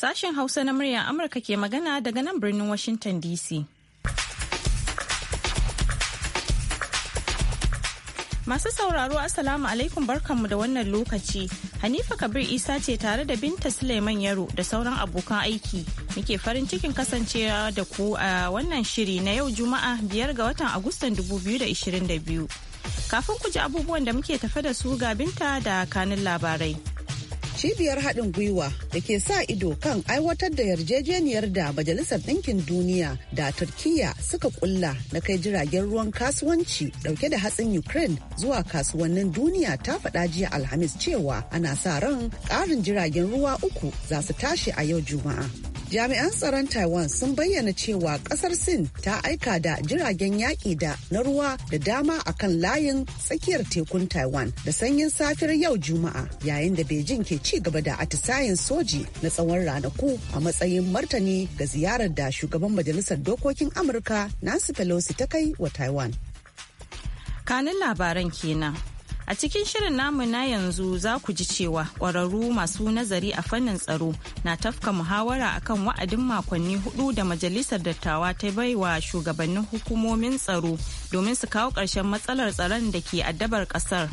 Sashen Hausa na murya Amurka ke magana daga nan birnin Washington DC. Masu sauraro asalamu alaikum barkanmu da wannan lokaci. Hanifa Kabir Isa ce tare da Binta Suleiman Yaro da sauran abokan aiki. Muke farin cikin kasancewa da ku a wannan shiri na yau Juma'a biyar ga watan Agustan 2022. Kafin ku ji abubuwan da muke tafe da su ga Binta da kanin labarai. cibiyar haɗin gwiwa da ke sa ido kan aiwatar da yarjejeniyar da majalisar ɗinkin duniya da turkiya suka kulla na kai jiragen ruwan kasuwanci ɗauke da hatsin ukraine zuwa kasuwannin duniya ta faɗa jiya alhamis cewa ana sa ran ƙarin jiragen ruwa uku za su tashi a yau juma'a jami'an tsaron taiwan sun bayyana cewa kasar sin ta aika da jiragen yaƙi da na ruwa da dama a kan layin tsakiyar tekun taiwan da sanyin safiyar yau juma'a yayin da beijing ke ci gaba da atisayin soji na tsawon ranaku a matsayin martani ga ziyarar da shugaban majalisar dokokin amurka nancy pelosi ta kai wa taiwan kanin labaran kenan A cikin shirin namu na yanzu za ku ji cewa ƙwararru masu nazari a fannin tsaro na tafka muhawara akan wa'adin makonni hudu da Majalisar Dattawa ta baiwa shugabannin hukumomin tsaro domin su kawo ƙarshen matsalar tsaron da ke addabar ƙasar.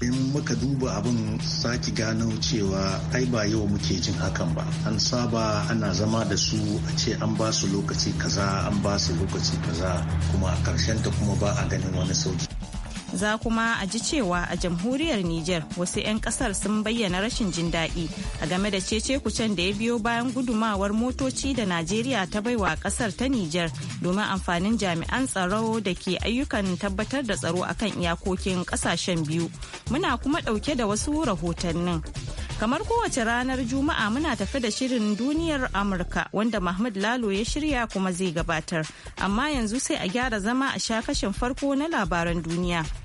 in muka duba abin saki gano cewa ai ba yau muke jin hakan ba an saba ana zama da su a ce an ba su lokaci kaza an ba su lokaci kaza kuma a ta kuma ba a ganin wani sauki za kuma a ji cewa a jamhuriyar Nijar wasu 'yan kasar sun bayyana rashin jin daɗi a game da cece kucen da ya biyo bayan gudumawar motoci da Najeriya ta baiwa kasar ta Nijar domin amfanin jami'an tsaro da ke ayyukan tabbatar da tsaro akan iyakokin kasashen biyu. Muna kuma ɗauke da wasu rahotannin. Kamar kowace ranar Juma'a muna tafi da shirin duniyar Amurka wanda Mahmud Lalo ya shirya kuma zai gabatar. Amma yanzu sai a gyara zama a sha kashin farko na labaran duniya.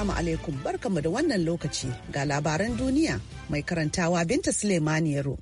Assalamu alaikum barkamu da wannan lokaci ga labaran duniya mai karantawa Binta Suleimani Yaro.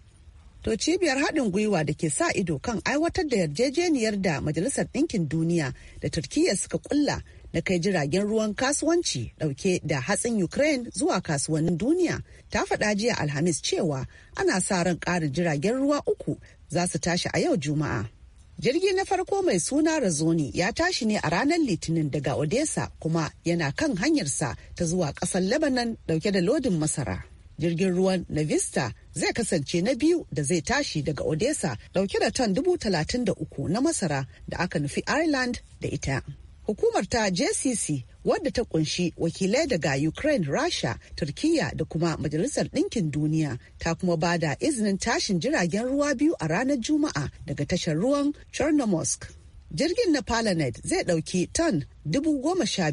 To cibiyar haɗin gwiwa da ke sa ido kan aiwatar da yarjejeniyar da Majalisar Ɗinkin Duniya da Turkiyya suka kulla na kai jiragen ruwan kasuwanci ɗauke da hatsin ukraine zuwa kasuwannin duniya ta faɗa jiya alhamis cewa ana sa ran ƙarin jiragen ruwa uku za su tashi a yau juma'a Jirgi na farko mai suna Razoni ya tashi ne a ranar Litinin daga Odessa kuma yana kan hanyarsa ta zuwa ƙasar Lebanon dauke da lodin masara. Jirgin ruwan na Vista zai kasance na biyu da zai tashi daga Odessa dauke da ton dubu talatin da uku na masara da aka nufi Ireland da ita. Hukumar ta JCC wadda ta kunshi wakilai daga Ukraine, Russia Turkiya da kuma Majalisar Ɗinkin Duniya ta kuma ba da izinin tashin jiragen ruwa biyu a ranar Juma'a daga tashar ruwan Chernomorsk. Jirgin na Palanet zai ɗauki ton dubu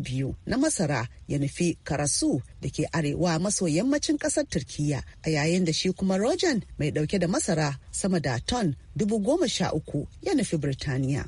biyu na masara ya nufi Karasu da ke arewa maso yammacin ƙasar Turkiya a yayin da shi kuma Rojan mai ɗauke da masara sama da ton dubu goma uku ya nufi Birtaniya.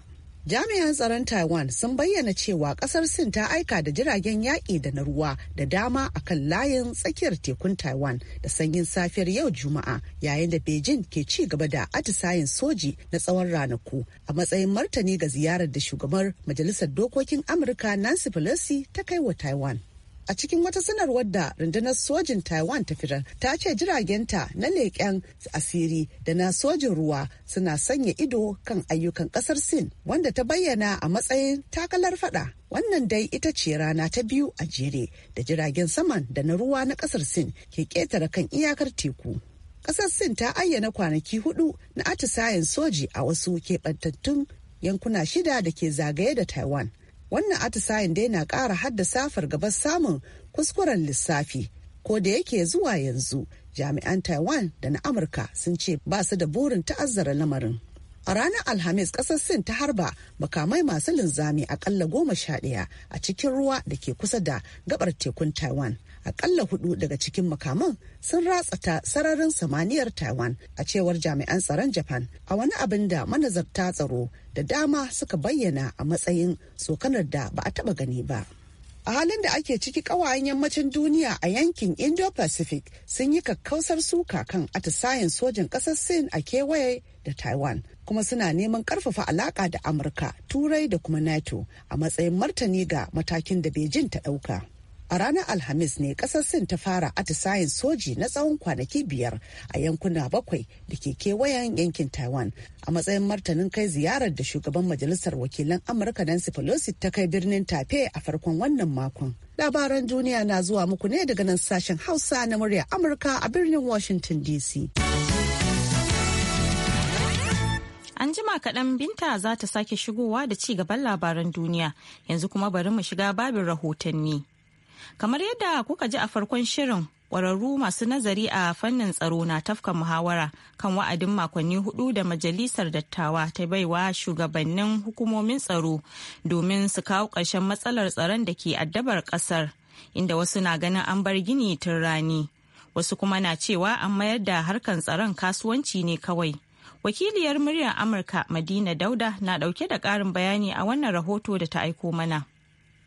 Jami'an tsaron Taiwan sun bayyana cewa kasar Sin ta aika da jiragen yaƙi da na ruwa da dama a kan layin tsakiyar tekun Taiwan da sanyin safiyar yau Juma'a yayin da Beijing ke ci gaba da atisayin soji na tsawon ranaku a matsayin martani ga ziyarar da shugabar Majalisar Dokokin Amurka Nancy Pelosi ta kai wa Taiwan. a cikin wata sanarwar da rundunar sojin taiwan ta fitar ta ce jiragenta na leƙen asiri da na sojin ruwa suna sanya ido kan ayyukan ƙasar sin wanda ta bayyana a matsayin takalar fada wannan dai ita ce rana ta biyu a jere da jiragen saman da na ruwa na ƙasar sin ke ƙetare kan iyakar teku ƙasar sin ta ayyana kwanaki hudu na atisayen soji a wasu keɓantattun yankuna shida da ke zagaye da taiwan wannan atisayen dai na ƙara safar fargabar samun kuskuren lissafi ko da yake zuwa yanzu jami'an taiwan da na amurka sun ce ba su da burin ta'azzara lamarin a ranar alhamis kasar sin ta harba makamai masu linzami akalla goma sha ɗaya a cikin ruwa da ke kusa da gabar tekun taiwan akalla hudu daga cikin makaman sun ratsa ta sararin samaniyar taiwan a cewar jami'an tsaron japan a wani abin da manazarta tsaro da dama suka bayyana a matsayin tsokanar da ba a taba gani ba a halin da ake ciki kawayen yammacin duniya a yankin indo-pacific sun yi kakkausar suka kan atisayen sojin ƙasar sin a kewaye da taiwan kuma suna neman ƙarfafa alaƙa da amurka turai da kuma nato a matsayin martani ga matakin da beijing ta ɗauka. A ranar Alhamis ne kasar Sin ta fara atisayin soji na tsawon kwanaki biyar a yankuna bakwai da ke kewayen yankin Taiwan a matsayin martanin kai ziyarar da shugaban majalisar wakilan Amurka Nancy Pelosi ta kai birnin tafe a farkon wannan makon. Labaran duniya na zuwa muku ne daga nan sashen Hausa na murya Amurka a birnin Washington DC. An jima kaɗan binta za ta sake shigowa da ci gaban labaran duniya yanzu kuma bari mu shiga babin rahotanni. Kamar yadda kuka ji a farkon shirin ƙwararru masu nazari a fannin tsaro na tafka muhawara kan wa'adin makonni hudu da majalisar dattawa ta baiwa shugabannin hukumomin tsaro domin su kawo ƙarshen matsalar tsaron da ke addabar ƙasar inda wasu na ganin an bar gini tun rani wasu kuma na cewa an mayar da harkan tsaron kasuwanci ne kawai wakiliyar muryar amurka madina dauda na ɗauke da ƙarin bayani a wannan rahoto da ta aiko mana.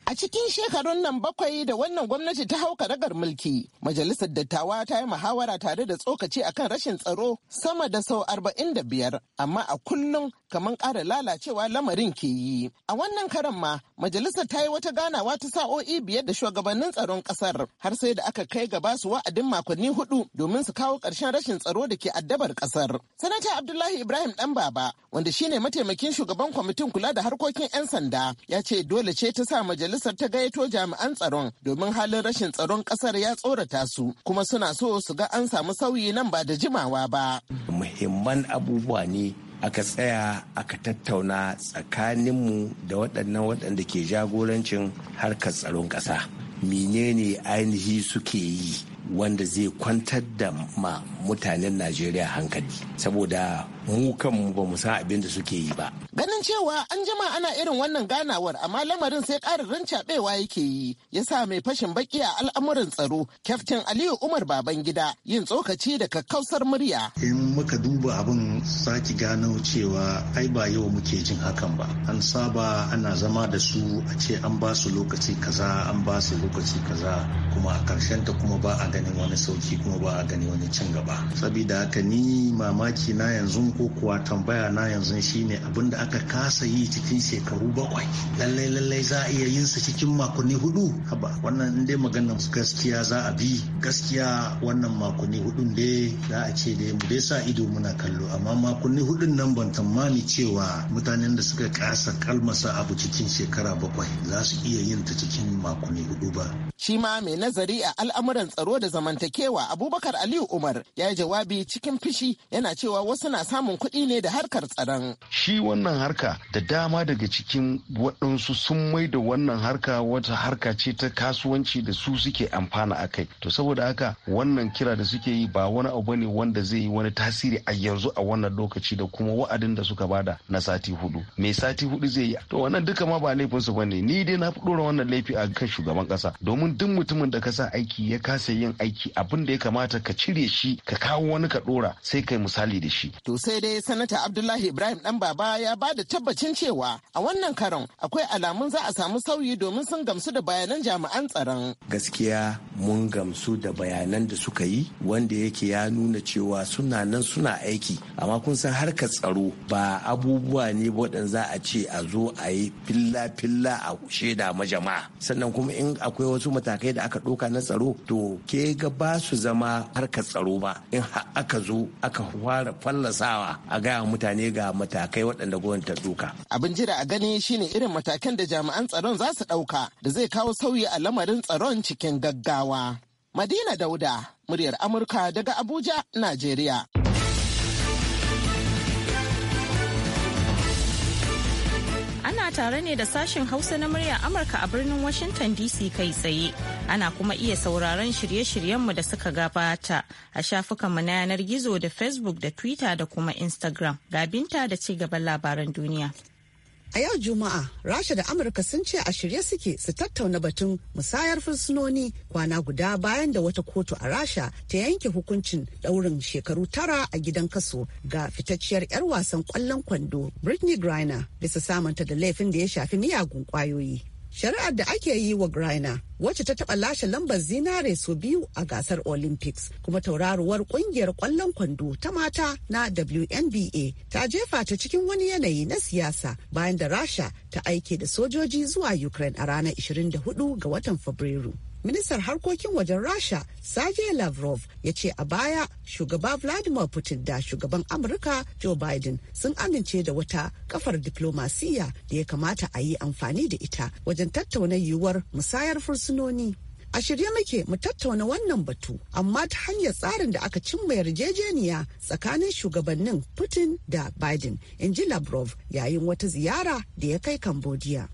A cikin shekarun nan bakwai da wannan gwamnati ta hau karagar mulki, Majalisar Dattawa ta yi muhawara tare da tsokaci akan rashin tsaro sama da sau arba'in da biyar, amma a kullum kamar ƙara lalacewa lamarin ke yi. A wannan karan ma, Majalisar ta yi wata ganawa ta sa'o'i biyar da shugabannin tsaron ƙasar, har sai da aka kai gaba su wa'adin makonni hudu domin su kawo ƙarshen rashin tsaro da ke addabar ƙasar. Sanata Abdullahi Ibrahim ɗan baba, wanda shine mataimakin shugaban kwamitin kula da harkokin 'yan sanda, ya ce dole ce ta sa majalisar majalisar ta gayyato jami'an tsaron domin halin rashin tsaron kasar ya tsorata su kuma suna so su ga an samu sauyi nan ba da jimawa ba. Muhimman abubuwa ne aka tsaya aka tattauna tsakaninmu da waɗannan waɗanda ke jagorancin harkar tsaron ƙasa. Menene ainihi suke yi wanda zai kwantar da ma mutanen najeriya hankali saboda mu kanmu ba mu san abin da suke yi ba ganin cewa an jima ana irin wannan ganawar amma lamarin sai ƙarin rancaɓewa yake yi Yasa mai fashin baki a al'amuran tsaro kyaftin aliyu umar baban gida yin tsokaci da kakkausar murya in muka duba abin saki gano cewa ai ba yau muke jin hakan ba an saba ana zama da su a ce an ba su lokaci kaza an ba su lokaci kaza kuma a karshen ta kuma ba a ganin wani sauki kuma ba a gani wani cin gaba saboda haka ni mamaki na yanzu ko kuwa tambaya na yanzu shine abin da aka kasa yi cikin shekaru bakwai lallai lallai za a iya yin sa cikin makonni hudu haba wannan in dai maganar gaskiya za a bi gaskiya wannan makonni hudun dai za a ce dai mu dai sa ido muna kallo amma makonni hudun nan ban tamani cewa mutanen da suka kasa kalmasa abu cikin shekara bakwai za su iya yin ta cikin makonni hudu ba shi ma mai nazari a al'amuran tsaro da zamantakewa Abubakar Aliyu Umar ya yi jawabi cikin fishi yana cewa wasu na samun kuɗi ne da harkar tsaron. Shi wannan harka da dama daga cikin waɗansu sun mai da wannan harka wata harka ce ta kasuwanci da su suke amfana a kai. To saboda haka wannan kira da suke yi ba wani abu ne wanda zai yi wani tasiri a yanzu a wannan lokaci da kuma wa'adin da suka bada na sati hudu. Me sati hudu zai yi? To wannan duka ma ba laifinsu ba ne Ni dai na fi ɗora wannan laifi a kan shugaban ƙasa. Domin duk mutumin da ka sa aiki ya kasa yin yin aiki abin da ya kamata ka cire shi ka kawo wani ka dora sai kai misali da shi. To sai dai sanata Abdullahi Ibrahim dan baba ya ba da tabbacin cewa a wannan karon akwai alamun za a samu sauyi domin sun gamsu da bayanan jami'an tsaron. Gaskiya mun gamsu da bayanan da suka yi wanda yake ya nuna cewa suna nan suna aiki amma kun san harkar tsaro ba abubuwa ne waɗan za a ce a zo a yi filla-filla a shaida ma jama'a sannan kuma in akwai wasu matakai da aka ɗauka na tsaro to ke sai ga ba su zama harkar tsaro ba in aka zo aka fara fallasawa a gaya mutane ga matakai waɗanda gwamnati ta duka. Abin jira a gani shine irin matakan da jami'an tsaron za su ɗauka da zai kawo sauyi a lamarin tsaron cikin gaggawa. Madina Dauda, muryar Amurka daga Abuja, Najeriya. Ana tare ne da sashen Hausa na murya Amurka a birnin Washington DC kai tsaye. Ana kuma iya sauraron shirye-shiryenmu da suka gabata a shafukanmu na yanar gizo da Facebook da Twitter da kuma Instagram. Ga binta da ci gaban labaran duniya. A yau Juma'a, Rasha da Amurka sun ce a shirye suke su tattauna batun musayar fursunoni kwana guda bayan da wata kotu a Rasha ta yanke hukuncin daurin shekaru tara a gidan kaso ga fitacciyar 'yar wasan kwallon kwando Britney Griner bisa samunta da laifin da ya shafi miyagun kwayoyi. shari'ar da ake yi wa Griner wacce ta taɓa lashe lambar zinare su biyu a gasar Olympics kuma tauraruwar ƙungiyar ƙwallon kwando ta mata na WNBA ta jefa ta cikin wani yanayi na siyasa bayan da Rasha ta aike da sojoji zuwa Ukraine a ranar 24 ga watan Fabrairu. ministan harkokin wajen rasha sergey lavrov ya ce a baya shugaba vladimir putin da shugaban amurka joe biden sun amince da wata kafar diplomasiya da ya kamata a yi amfani da ita wajen tattauna yiwuwar musayar fursunoni a shirye muke mu tattauna wannan batu amma ta hanyar tsarin da aka cimma yarjejeniya tsakanin shugabannin putin da biden in ji lavrov yayin wata ziyara da ya kai cambodia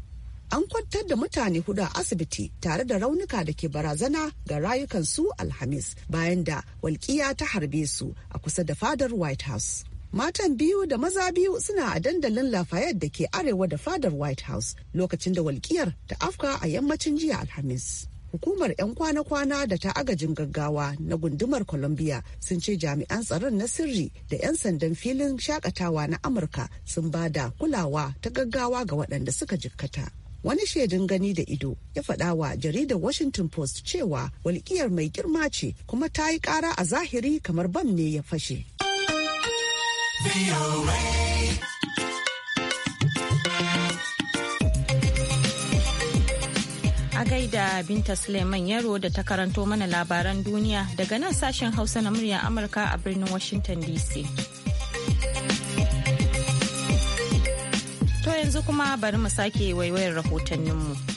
an kwantar da mutane hudu a asibiti tare da raunuka da ke barazana ga rayukansu alhamis bayan da walƙiya ta harbe su a kusa da fadar white house matan biyu da maza biyu suna a dandalin lafayette da ke arewa da fadar white house lokacin da walƙiyar ta afka a yammacin jiya alhamis hukumar 'yan kwana-kwana da ta agajin gaggawa na gundumar columbia sun ce jami'an tsaron na sirri da 'yan sandan filin shakatawa na amurka sun bada kulawa ta gaggawa ga waɗanda suka jikkata. wani shaidun gani da ido ya faɗa wa jaridar washington post cewa walƙiyar mai girma ce kuma ta yi ƙara a zahiri kamar bam ne ya fashe a gaida binta suleiman yaro da ta karanto mana labaran duniya daga nan sashen hausa na muryar amurka a birnin washington dc yanzu kuma bari mu sake waiwayar rahotanninmu. mu.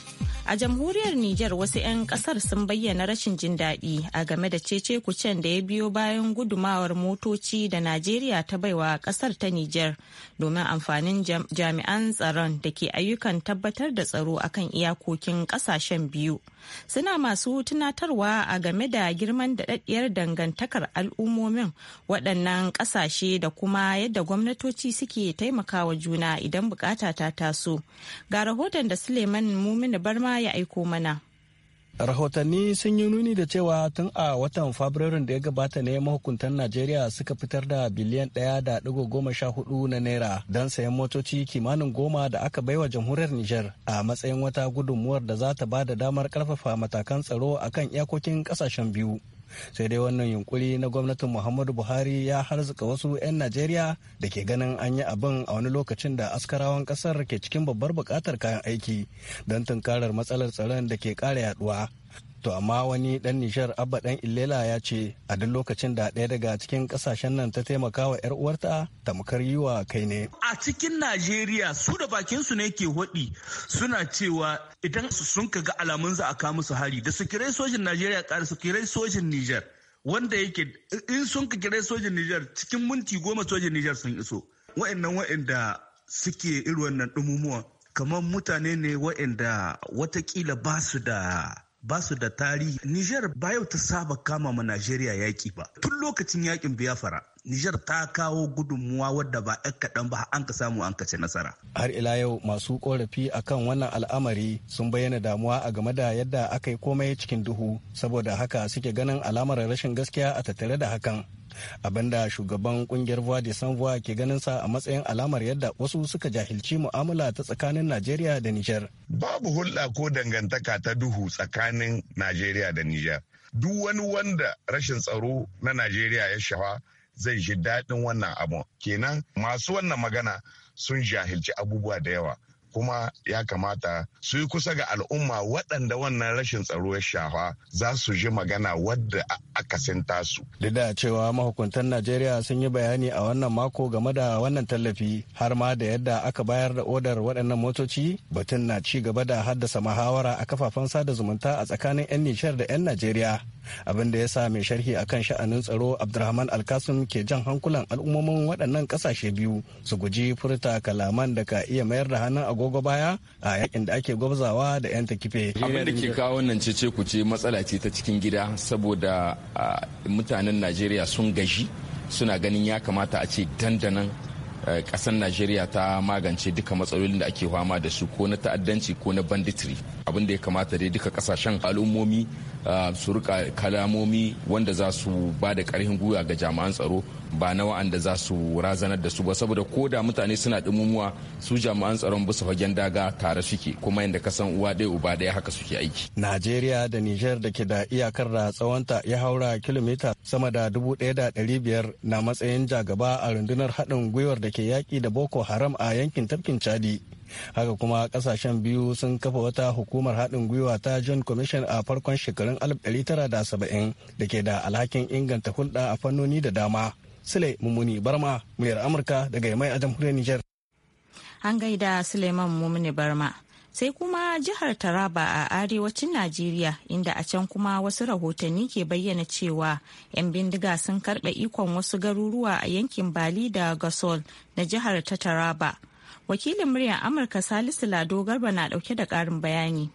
A jamhuriyar Nijar wasu 'yan kasar sun bayyana rashin jin daɗi a game da cece kucen da ya biyo bayan gudumawar motoci da Najeriya ta baiwa kasar ta Nijar domin amfanin jami'an tsaron da ke ayyukan tabbatar da tsaro akan iyakokin kasashen biyu. Suna masu tunatarwa a game da girman daɗaɗɗiyar dangantakar al'ummomin waɗannan ƙasashe da kuma yadda gwamnatoci suke taimakawa juna idan bukata ta taso. Ga rahoton da Suleiman mumin Barma ya aiko mana. rahotanni sun yi nuni da cewa tun a watan fabrairun da ya gabata ne mahukuntan najeriya suka fitar da biliyan ɗaya da ɗigo goma sha hudu na naira don sayan motoci kimanin goma da aka baiwa jamhuriyar nijar a matsayin wata gudunmuwar da za ta ba da damar karfafa matakan tsaro akan iyakokin ƙasashen biyu sai dai wannan yunkuri na gwamnatin muhammadu buhari ya harzuka wasu 'yan najeriya da ke ganin an yi abin a wani lokacin da askarawan kasar ke cikin babbar bukatar kayan aiki don tunkarar matsalar tsaron da ke kara yaduwa To amma wani dan Nishar Abba dan Illela ya ce a duk lokacin da ɗaya daga cikin ƙasashen nan ta taimaka wa 'yar uwarta tamkar yi kai ne. A cikin Najeriya su da bakin su ne ke hoɗi suna cewa idan sun ga alamun za a kawo musu hari da su kirai sojin Najeriya ƙara su kirai sojin Nijar wanda yake in sun ka kirai sojin Nijar cikin minti goma sojin Nijar sun iso. Wa'annan wa'anda suke irin wannan ɗumumuwa kamar mutane ne wa'anda watakila ba su da ba su da tarihi Nijar ba yau ta saba kama ma Najeriya yaƙi ba tun lokacin yaƙin Biafra Nijar ta kawo gudunmuwa wadda ba 'yan kaɗan ba an ka samu an kace nasara. Har ila yau masu korafi akan wannan al'amari sun bayyana damuwa a game da yadda aka yi komai cikin duhu saboda haka suke ganin alamar rashin gaskiya a tattare da hakan. abinda shugaban kungiyar voa de san ke ganin sa a matsayin alamar yadda wasu suka jahilci mu'amala ta tsakanin najeriya da nijar babu hulɗa ko dangantaka ta duhu tsakanin najeriya da nijar duk wani wanda rashin tsaro na najeriya ya shafa zai ji daɗin wannan abu kenan masu wannan magana sun jahilci abubuwa da yawa kuma ya kamata su yi kusa ga al'umma waɗanda wannan rashin tsaro ya shafa za su ji magana wadda aka tasu. Duk da cewa mahukuntan Najeriya sun yi bayani a wannan mako game da wannan tallafi har ma da yadda aka bayar da odar waɗannan motoci batun na ci gaba da haddasa muhawara a kafafen sada zumunta a tsakanin 'yan Nishar da 'yan Najeriya. abin da ya sa mai sharhi akan sha'anin tsaro abdulrahman alkasim ke jan hankulan al'ummomin waɗannan ƙasashe biyu su guji furta kalaman da ka iya mayar da hannun agogo baya a yakin da ake gwabzawa da 'yan takife. abin da ke kawo wannan cece ku ce matsala ce ta cikin gida saboda mutanen najeriya sun gaji suna ganin ya kamata a ce dandanan ƙasar najeriya ta magance duka matsalolin da ake fama da su ko na ta'addanci ko na banditry abin da ya kamata dai duka kasashen al'ummomi su rika kalamomi wanda za su ba da karfin gwiwa ga jami'an tsaro ba na wa'anda za su razanar da su ba saboda ko da mutane suna dimumuwa su jami'an tsaron bisa fagen daga tare suke kuma yadda ka san uwa ɗaya uba ɗaya haka suke aiki. Najeriya da niger da ke da iyakar da tsawonta ya haura kilomita sama da dubu ɗaya da ɗari biyar na matsayin jagaba a rundunar haɗin gwiwar da ke yaƙi da Boko Haram a yankin tafkin Chadi. haka kuma kasashen biyu sun kafa wata hukumar haɗin gwiwa ta john commission a farkon shekarun 1970 da ke da alhakin inganta hulɗa a fannoni da dama sule mummuni barma muryar amurka daga mai a jamhuriyar niger an gaida suleiman mummuni barma sai kuma jihar taraba a arewacin najeriya inda a can kuma wasu rahotanni ke bayyana cewa 'yan bindiga sun karɓe ikon wasu garuruwa a yankin bali da gasol na jihar ta taraba wakilin muryar amurka salisu lado garba na dauke da karin bayani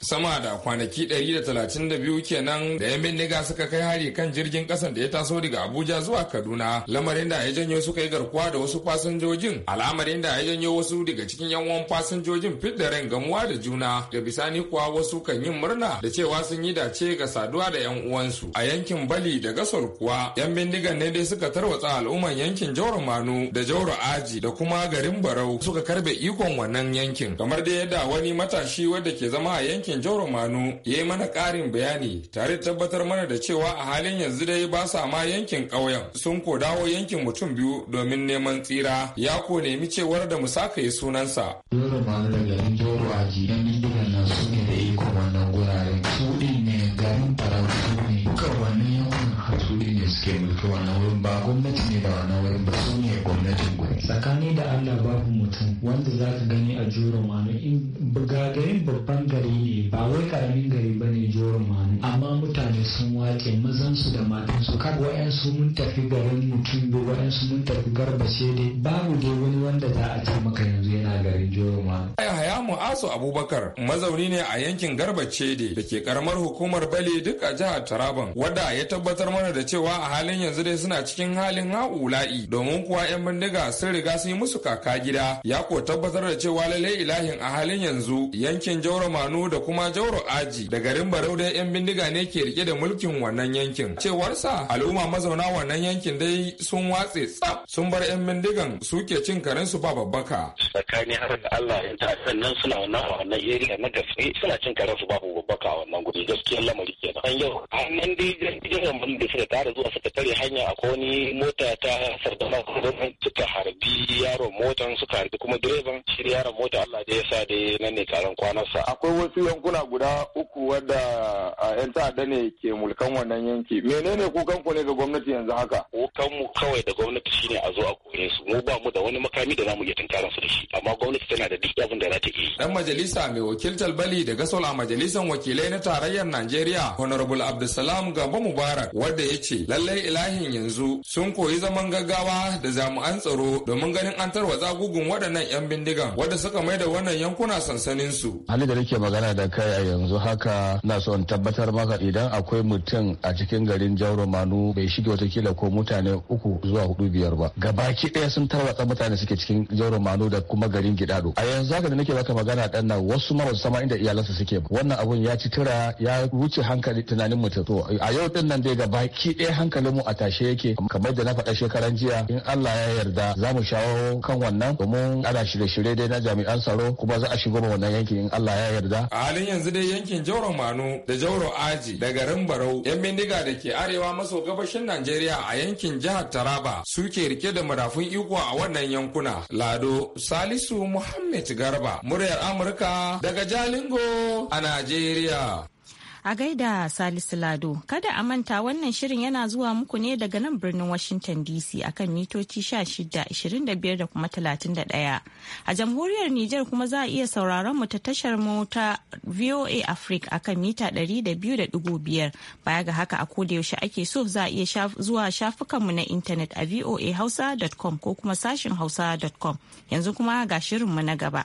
sama da kwanaki 132 kenan da yan bindiga suka kai hari kan jirgin kasan da ya taso daga abuja zuwa kaduna lamarin da ya janyo suka yi garkuwa da wasu fasinjojin al'amarin da ya janyo wasu daga cikin yan uwan fasinjojin fit ran gamuwa da juna da bisani kuwa wasu kan yin murna da cewa sun yi dace ga saduwa da yan uwansu a yankin bali da gasar kuwa yan bindigan ne dai suka tarwatsa al'umman yankin jauro manu da jauro aji da kuma garin barau suka karbe ikon wannan yankin kamar dai yadda wani matashi wanda ke zama a yankin yankin Jauro Manu ya yi mana ƙarin bayani tare da tabbatar mana da cewa a halin yanzu dai ba sa ma yankin ƙauyen sun ko dawo yankin mutum biyu domin neman tsira ya ko nemi cewar da musakaye sunansa. Jauro Manu da garin Jauro a jiran bindigan nan su ne da iko wannan guraren su din ne garin farautu ne duka wannan yankunan hasuri ne suke mulki wannan wurin ba gwamnati ne da wannan wurin ba su ne gwamnatin gurin. Tsakani da Allah babu wanda za ka gani a joron wani in gagarin babban gari ne ba wai karamin gari ba ne wani amma mutane sun wace mazan su da matan su kar wa'yansu mun tafi garin mutum da wa'yansu mun tafi garbace dai babu dai wani wanda za a ce maka yanzu yana garin joron wani. Yahaya asu Abubakar mazauni ne a yankin garba cede da ke karamar hukumar Bale duk a jihar Taraban wadda ya tabbatar mana da cewa a halin yanzu dai suna cikin halin ha'ula'i domin kuwa 'yan bindiga sun riga sun yi musu kaka gida ya ko tabbatar da cewa lalle ilahin a halin yanzu yankin Jauro Manu da kuma Jauro Aji da garin Barau da 'yan bindiga ne ke rike da mulkin wannan yankin. Cewarsa al'umma mazauna wannan yankin dai sun watse tsaf sun bar 'yan bindigan suke cin karen su ba babbaka. Tsakani har da Allah ya ta sannan suna wannan a wannan area na gaske suna cin karen su ba babbaka a wannan guri gaskiyar lamari kenan. An yau nan dai jirgin mun da suka tara zuwa suka tare hanya akwai wani mota ta sardama suka harbi yaro motan suka harbi kuma direban shirya da mota Allah da ya sa da nan ne karan kwanarsa. Akwai wasu yankuna guda uku wadda yan ta'adda ne ke mulkan wannan yanki. Menene kukan ku ne ga gwamnati yanzu haka? Kukan mu kawai da gwamnati shine a zo a kore su. Mu ba mu da wani makami da zamu iya tunkaran su da shi. Amma gwamnati tana da duk abin da za ta yi. Dan majalisa mai wakiltar Bali da a majalisan wakilai na tarayyar Najeriya Honorable Abdulsalam Gambo Mubarak wadda ya ce lallai ilahin yanzu sun koyi zaman gaggawa da jami'an tsaro domin ganin an tarwatsa gugun waɗannan 'yan bindigan wadda suka mai da wannan yankuna sansanin su. Hali da nake magana da kai a yanzu haka na so tabbatar maka idan akwai mutum a cikin garin Jauro Manu bai shige watakila ko mutane uku zuwa hudu biyar ba. Gabaki ɗaya sun tarwatsa mutane suke cikin Jauro Manu da kuma garin Gidado. A yanzu haka da nake baka magana ɗan nan wasu ma basu sama inda iyalansu suke ba. Wannan abun ya ci tura ya wuce hankali tunanin mutum. To a yau din nan dai gabaki ɗaya hankalin mu a tashe yake kamar da na faɗa shekaran jiya in Allah ya yarda za mu shawo kan wannan domin ana shirye-shirye dai na jami'an tsaro kuma za a shigo ma wannan yankin in Allah ya yarda. A halin yanzu dai yankin Jauro Mano da Jauro Aji da garin Barau yan bindiga da ke arewa maso gabashin Najeriya a yankin jihar Taraba suke rike da madafun iko a wannan yankuna. Lado Salisu Muhammad Garba muryar Amurka daga Jalingo a Najeriya. A gaida Salisu Lado, kada a manta wannan shirin yana zuwa muku ne daga nan birnin Washington DC akan mitoci 16, da kuma 31. A jamhuriyar Nijar kuma za a iya sauraron mu ta tashar mota VOA Africa akan mita 200.5. Baya ga haka a koda yaushe ake so za a iya zuwa shafukanmu na intanet a voahausa.com ko kuma sashin hausa.com. Yanzu kuma ga shirinmu na gaba.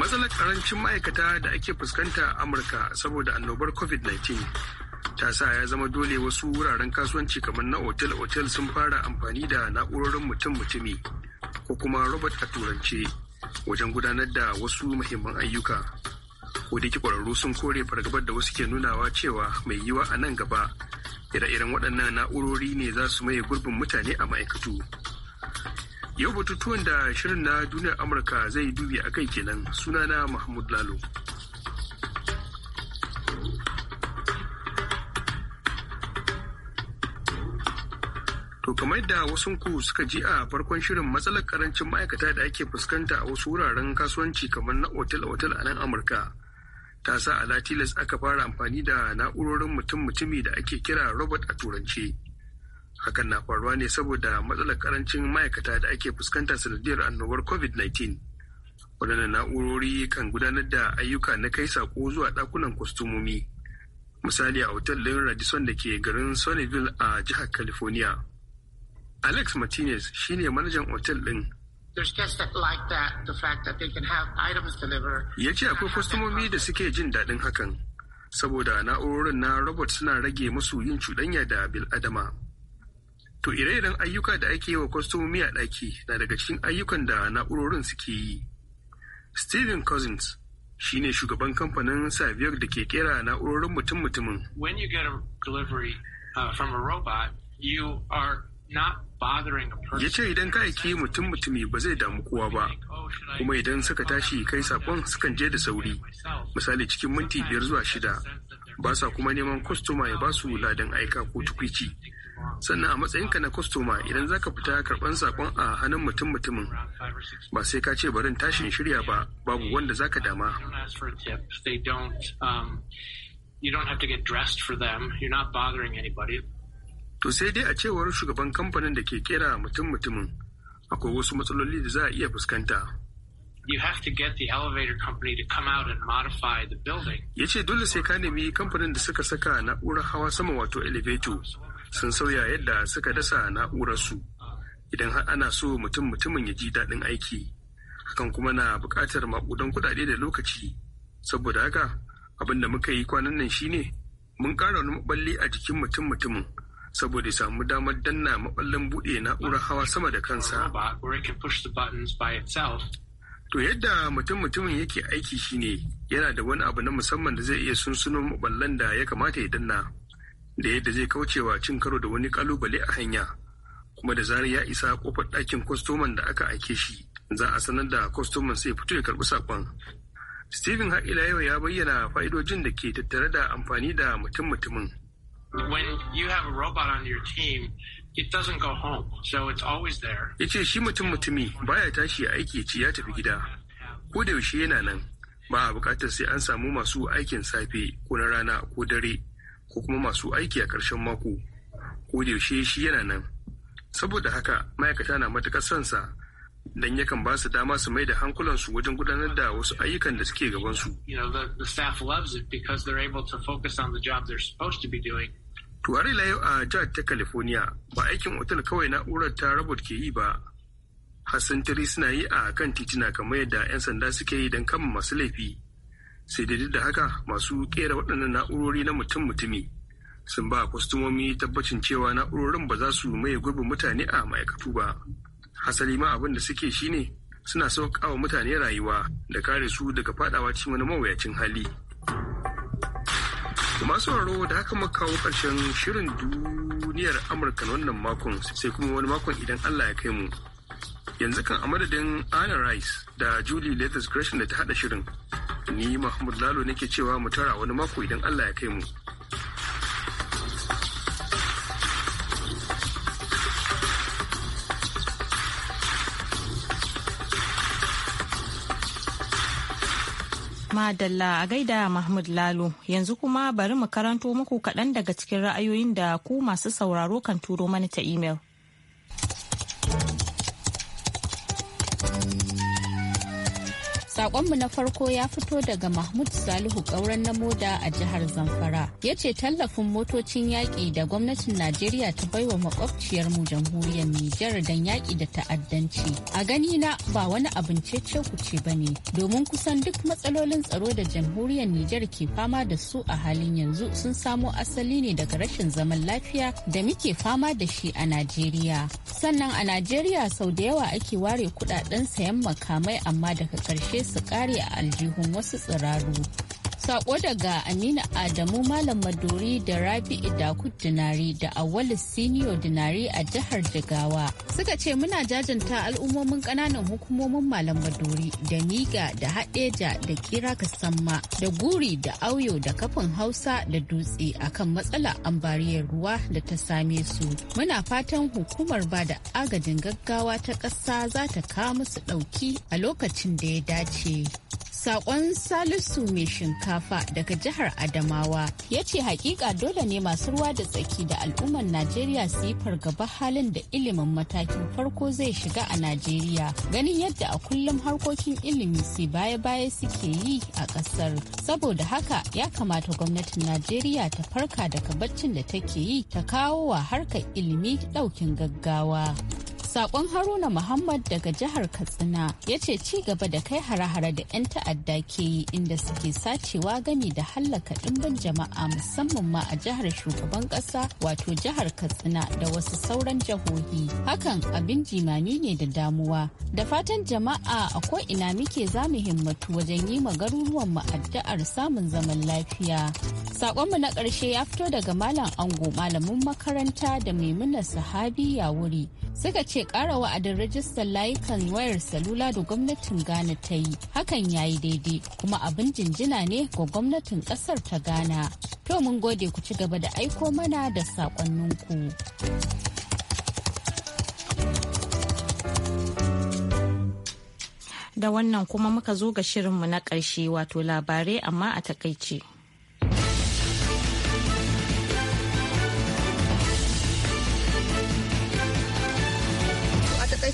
matsalar karancin ma'aikata da ake fuskanta a amurka saboda annobar covid-19 ta sa ya zama dole wasu wuraren kasuwanci kamar na otel-otel sun fara amfani da na'urorin mutum-mutumi ko kuma robot a turance wajen gudanar da wasu muhimman ayyuka ko da kwararru sun kore fargabar da wasu ke nunawa cewa mai yiwa a nan gaba ire-iren waɗannan na'urori ne za su maye gurbin mutane a ma'aikatu. Yau batutuwan da shirin na duniyar Amurka zai dubi a kai kenan sunana Mahmud Lalo. To kamar yadda wasu ku suka ji a farkon shirin matsalar karancin ma'aikata da ake fuskanta a wasu wuraren kasuwanci kamar na otel otal a nan Amurka. Ta sa a Latilas aka fara amfani da na'urorin mutum-mutumi da ake kira robot a turance. hakan na faruwa ne saboda matsalar karancin ma'aikata da ake fuskanta sanadiyar annobar covid-19 waɗannan na'urori kan gudanar da ayyuka na kai sako zuwa ɗakunan kwastomomi misali a otal ɗin radisson da ke garin sunnyville a jihar california alex martinez shine manajan otal ɗin ya ce akwai kwastomomi da suke jin daɗin hakan saboda na'urorin na robot suna rage musu yin cuɗanya da bil'adama. adama To ire-iren ayyuka da ake yi wa kwastomomi a ɗaki na daga cikin ayyukan da na'urorin suke yi. Steven Cousins shi ne shugaban kamfanin Saviyar da ke kera na'urorin mutum-mutumin. When you get a delivery uh, from a robot, you are not Ya ce idan ka aiki mutum-mutumi ba zai damu kowa ba, kuma idan suka tashi kai sakon sukan je da sauri, misali cikin minti biyar zuwa shida, ba sa kuma neman kwastoma ya ba su ladan aika ko tukwici. sannan a matsayinka na kwastoma idan za ka fita karban sakon a hannun mutum mutumin ba sai ka ce barin tashin shirya ba babu wanda za ka dama um, to sai dai a cewar shugaban kamfanin da ke kera mutum mutumin akwai wasu matsaloli da za a iya fuskanta Ya ce dole sai ka nemi kamfanin da suka saka na'urar hawa sama wato elevator sun sauya yadda suka dasa na'urarsu idan har ana so mutum mutumin ya ji daɗin aiki hakan kuma na buƙatar maƙudan kuɗaɗe da lokaci saboda haka abin da muka yi kwanan nan shine mun ƙara wani maɓalli a jikin mutum mutumin saboda ya samu damar danna maɓallin buɗe na'urar hawa sama da kansa to yadda mutum mutumin yake aiki shine yana da wani abu na musamman da zai iya sunsuno maballan da ya kamata ya danna da yadda zai kaucewa cin karo da wani kalubale a hanya kuma da zarar ya isa kofar ɗakin kwastoman da aka ake shi za a sanar da kwastoman sai fito ya karɓi saƙon stephen ila yau ya bayyana fa'idojin da ke tattare da amfani da mutum-mutumin Ya ce shi mutum-mutumi baya tashi aiki ci ya tafi gida ko da yaushe yana nan ba a bukatar sai an samu masu aikin safe ko na rana ko dare ko kuma masu aiki a ƙarshen mako ko da yaushe shi yana nan saboda haka ma'aikata na matuƙar sa dan yakan ba su dama su mai da hankulansu wajen gudanar da wasu ayyukan da suke gabansu. Tuwari layo a jihar ta California ba aikin otal kawai na'urar ta robot ke yi ba. Hassan suna yi a kan titina kamar yadda 'yan sanda suke yi don kama masu laifi. sai dai duk da haka masu kera waɗannan na'urori na mutum-mutumi sun ba kwastomomi tabbacin cewa na'urorin ba za su maye gurbin mutane a ma'aikatu ba hasali ma abin da suke shine suna sauƙawa mutane rayuwa da kare su daga fadawa cikin wani mawuyacin hali masu sauraro da haka muka kawo ƙarshen shirin duniyar amurka na wannan makon sai kuma wani makon idan allah ya kai mu yanzu kan a madadin anna rice da julie latest gresham da ta hada shirin Ni Mahmud Lalo nake cewa mu tara wani mako idan Allah ya kai mu. Madalla a gaida Mahmud Lalo yanzu kuma bari mu karanto muku kaɗan daga cikin ra'ayoyin da ku masu sauraro kan turo mana ta imel. Sakonmu na farko ya fito daga Mahmud Salihu ƙauren na moda a jihar Zamfara. Ya ce tallafin motocin yaƙi da gwamnatin Najeriya ta baiwa makwabciyar mu jamhuriyar Nijar don yaƙi da ta'addanci. A gani na ba wani abin cece ce ba ne domin kusan duk matsalolin tsaro da jamhuriyar Nijar ke fama da su a halin yanzu sun samo asali ne daga rashin zaman lafiya da muke fama da shi a Najeriya. Sannan a Najeriya sau da yawa ake ware kudaden sayan makamai amma daga ƙarshe su kare a aljihun wasu tsiraru Sako daga amina Adamu Malam Maduri da rabi idaku Dinari da Awali senior Dinari a jihar Jigawa. Suka ce muna jajanta al'ummomin kananan hukumomin Malam Maduri da miga da Haɗeja da Kira Kasamma da Guri da Auyo da Kafin Hausa da Dutse akan matsalar ambaliyar ruwa da ta same su. Muna fatan hukumar ba da agajin gaggawa ta ƙasa za ta kawo musu ɗauki a lokacin da ya dace. Sakon Salisu mai shinkafa daga jihar Adamawa ya ce hakika dole ne masu ruwa da tsaki da al'ummar Najeriya su yi fargaba halin da ilimin matakin farko zai shiga a Najeriya. Ganin yadda a kullum harkokin ilimi su baya-baya suke yi a ƙasar. Saboda haka ya kamata gwamnatin Najeriya ta farka daga baccin da take yi ta kawo wa harkar ilimi ɗaukin gaggawa. Sakon Haruna Muhammad daga jihar Katsina ya ce gaba da kai hare-hare da 'yan ta'adda ke yi inda suke sacewa gami da hallaka ɗimbin jama'a musamman ma a jihar shugaban ƙasa wato jihar Katsina da wasu sauran jihohi. Hakan abin jimami ne da damuwa. Da fatan jama'a a ko ina muke za mu himmatu wajen yi ma garuruwan mu addu'ar samun zaman lafiya. Sakonmu na ƙarshe ya fito daga Malam Ango malamin makaranta da Maimuna Sahabi wuri Suka ce ce kara wa'adin rajistar layukan wayar salula da gwamnatin Ghana ta yi. Hakan ya yi daidai kuma abin jinjina ne ga gwamnatin kasar ta Ghana. To mun gode ku ci gaba da aiko mana da saƙonninku. Da wannan kuma muka zo ga shirinmu na ƙarshe wato labarai amma a takaice.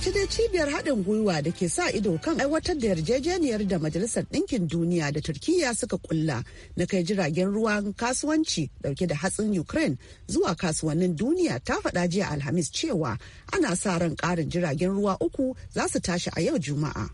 takaice dai cibiyar haɗin gwiwa da ke sa ido kan aiwatar da yarjejeniyar da majalisar ɗinkin duniya da turkiya suka kulla na kai jiragen ruwan kasuwanci dauke da hatsin ukraine zuwa kasuwannin duniya ta faɗa jiya alhamis cewa ana sa ran ƙarin jiragen ruwa uku za su tashi a yau juma'a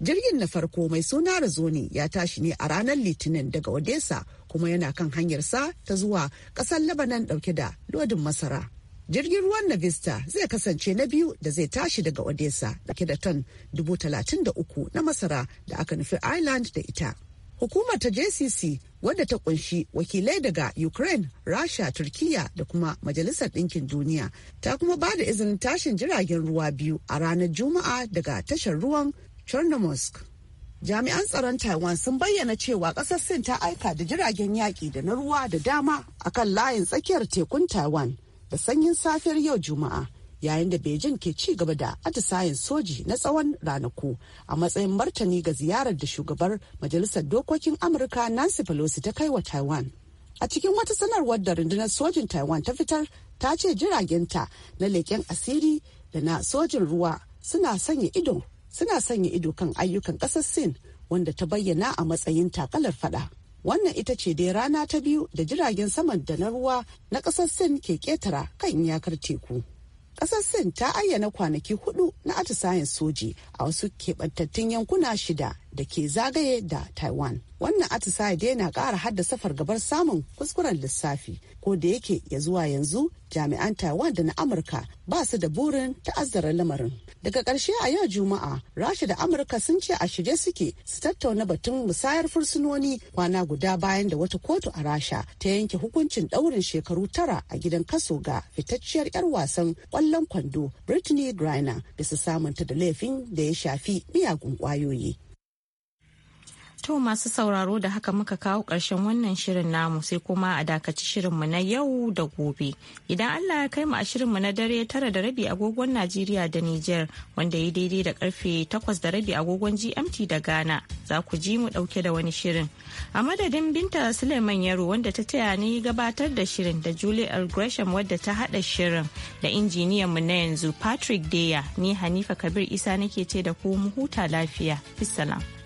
jirgin na farko mai suna razoni ya tashi ne a ranar litinin daga odessa kuma yana kan hanyarsa ta zuwa ƙasar lebanon dauke da lodin masara jirgin ruwan na vista zai kasance na biyu da zai tashi daga odessa da ke da ton 33,000 na masara da aka nufi ireland da ita hukumar ta jcc wadda ta kunshi wakilai daga ukraine rasha turkiya da kuma majalisar ɗinkin duniya ta kuma ba da izinin tashin jiragen ruwa biyu a ranar juma'a daga tashar ruwan chernomorsk jami'an tsaron taiwan sun bayyana cewa ƙasar sin ta aika da jiragen yaƙi da na ruwa da dama akan layin tsakiyar tekun taiwan da sanyin safiyar yau Juma'a yayin da Beijing ke ci gaba da atisayen soji na tsawon ranaku a matsayin martani ga ziyarar da shugabar Majalisar Dokokin Amurka Nancy Pelosi ta kai wa Taiwan. A cikin wata sanarwar da rundunar sojin Taiwan ta fitar ta ce jiragenta na leken asiri da na sojin ruwa suna sanya ido suna sanya ido kan ayyukan ƙasar Sin wanda ta bayyana a matsayin takalar fada. wannan ita ce dai rana ta biyu da jiragen saman da na ruwa na ƙasar sin ke ƙetara kan iyakar teku ƙasar sin ta ayyana kwanaki hudu na atisayen soji a wasu keɓantattun yankuna shida da ke zagaye da Taiwan. Wannan atisaye dai na ƙara haddasa fargabar samun kuskuren lissafi ko da yake ya zuwa yanzu jami'an Taiwan da na Amurka ba su da burin ta'azzara lamarin. Daga ƙarshe a yau Juma'a, Rasha da Amurka sun ce a shirye suke su tattauna batun musayar fursunoni kwana guda bayan da wata kotu a Rasha ta yanke hukuncin ɗaurin shekaru tara a gidan kaso ga fitacciyar 'yar wasan ƙwallon kwando Brittany Griner bisa samunta da laifin da ya shafi miyagun ƙwayoyi. To masu sauraro da haka muka kawo ƙarshen wannan shirin namu sai kuma a dakaci shirinmu na yau da gobe. Idan Allah ya kai mu a shirinmu na dare tara da rabi agogon Najeriya da Nijar wanda ya daidai da karfe takwas da rabi agogon GMT da Ghana za ku ji mu ɗauke da wani shirin. A madadin Binta Suleiman Yaro wanda ta taya ni gabatar da shirin da Julie L. Gresham wadda ta haɗa shirin da injiniyan mu na yanzu Patrick Deya ni Hanifa Kabir Isa nake ce da ku mu huta lafiya. Fisalam.